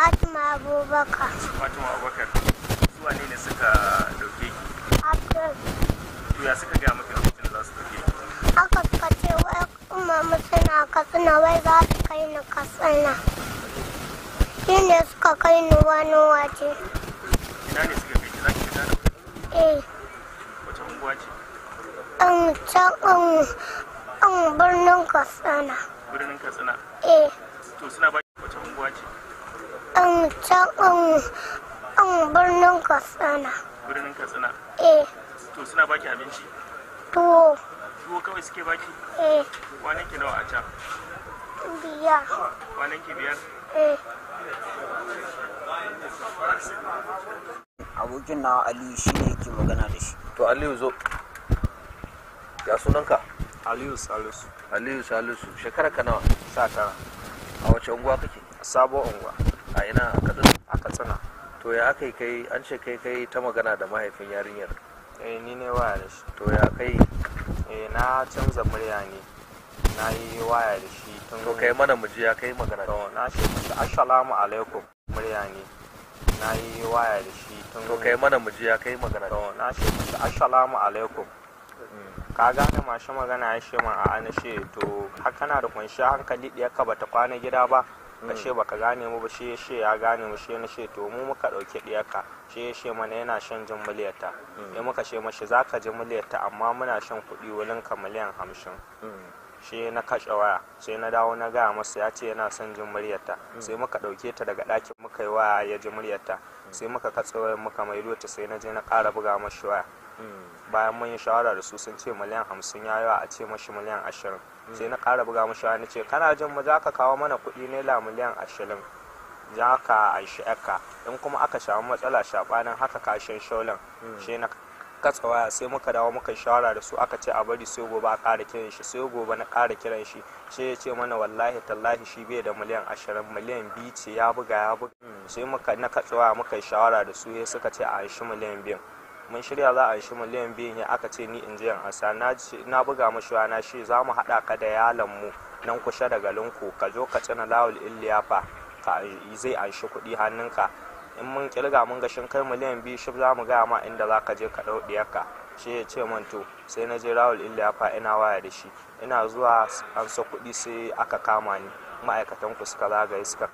Fatima Abubakar. Fatima Abubakar. Su wane ne suka dauke ki? Abdul. To ya suka gaya maka lokacin da za su dauke ki? Aka suka ce wai kuma mutuna katsina wai za su kai ni katsina. Shi ne suka kai ni wani waje. Ina ne suka kai ki za ki fita da Eh. Wata unguwa ce? An can an an birnin Katsina. Birnin Katsina? Eh. To suna ba ki wata unguwa ce? an can an an birnin katsina birnin katsina eh to suna baki abinci tuwo tuwo kawai suke baki eh kwanan ki wani a can biyar wani ki biyar eh abokin na aliyu shi ne ke magana da shi to aliyu zo ya sunanka aliyu salisu aliyu salisu shekara ka nawa sa tara a wace unguwa kake sabo unguwa a ina a katsina to ya aka yi kai an ce kai kai ta magana da mahaifin yarinyar eh ni ne waya da shi to ya kai eh na canza murya ne na yi waya da shi tun to kai mana muji ya kai magana to na ce masa assalamu alaikum murya ne na yi waya da shi tun to kai mana muji ya kai magana to na ce masa assalamu alaikum ka gane mashi magana ya shi ma a ana shi to haka na da kunshi hankali ka bata kwana gida ba kashe baka gane mu ba shi ya she ya gane mu shi na she to mu muka dauke diyarka shi ya she mana yana shan jin miliyan ta ya mm. muka she mashi zaka ji miliyan ta amma muna shan kuɗi wurin ka miliyan hamsin mm. shi na kashe waya sai na dawo na gaya masa ya ce yana son jin muryarta sai muka ɗauke ta daga ɗakin muka yi waya ya ji muryarta sai muka katse waya muka mai ta sai na je na ƙara buga mashi waya bayan mun yi shawara da su sun ce miliyan hamsin ya yawa a ce mashi miliyan ashirin sai na ƙara buga mashi waya na ce kana jin mu za ka kawo mana kuɗi naira miliyan ashirin za ka aishi in kuma aka samu matsala shaɓanin haka kashin shaulan shi na katsa waya sai muka dawo muka shawara da su aka ce a bari sai gobe a ƙara kiran shi sai gobe na ƙara kiran shi sai ya ce mana wallahi tallahi shi bai da miliyan ashirin miliyan biyu ce ya buga ya buga hmm, sai muka na katsa waya muka shawara da su sai suka ce a shi miliyan biyun mun shirya za a shi miliyan biyu ya aka ce ni in je in asa na buga mashi na shi za mu haɗa ka da yalan mu nan kusa da galinku ka zo ka tsina lawul illiyafa ka zai anshi kuɗi hannunka in mun kirga mun ga shin kai miliyan biyu shi za mu gaya ma inda za ka je ka ɗau ɗiyarka shi ya ce man to sai na je rawul illa ya fa ina waya da shi ina zuwa an sa kuɗi sai aka kama ni ma'aikatan ku suka zagaye suka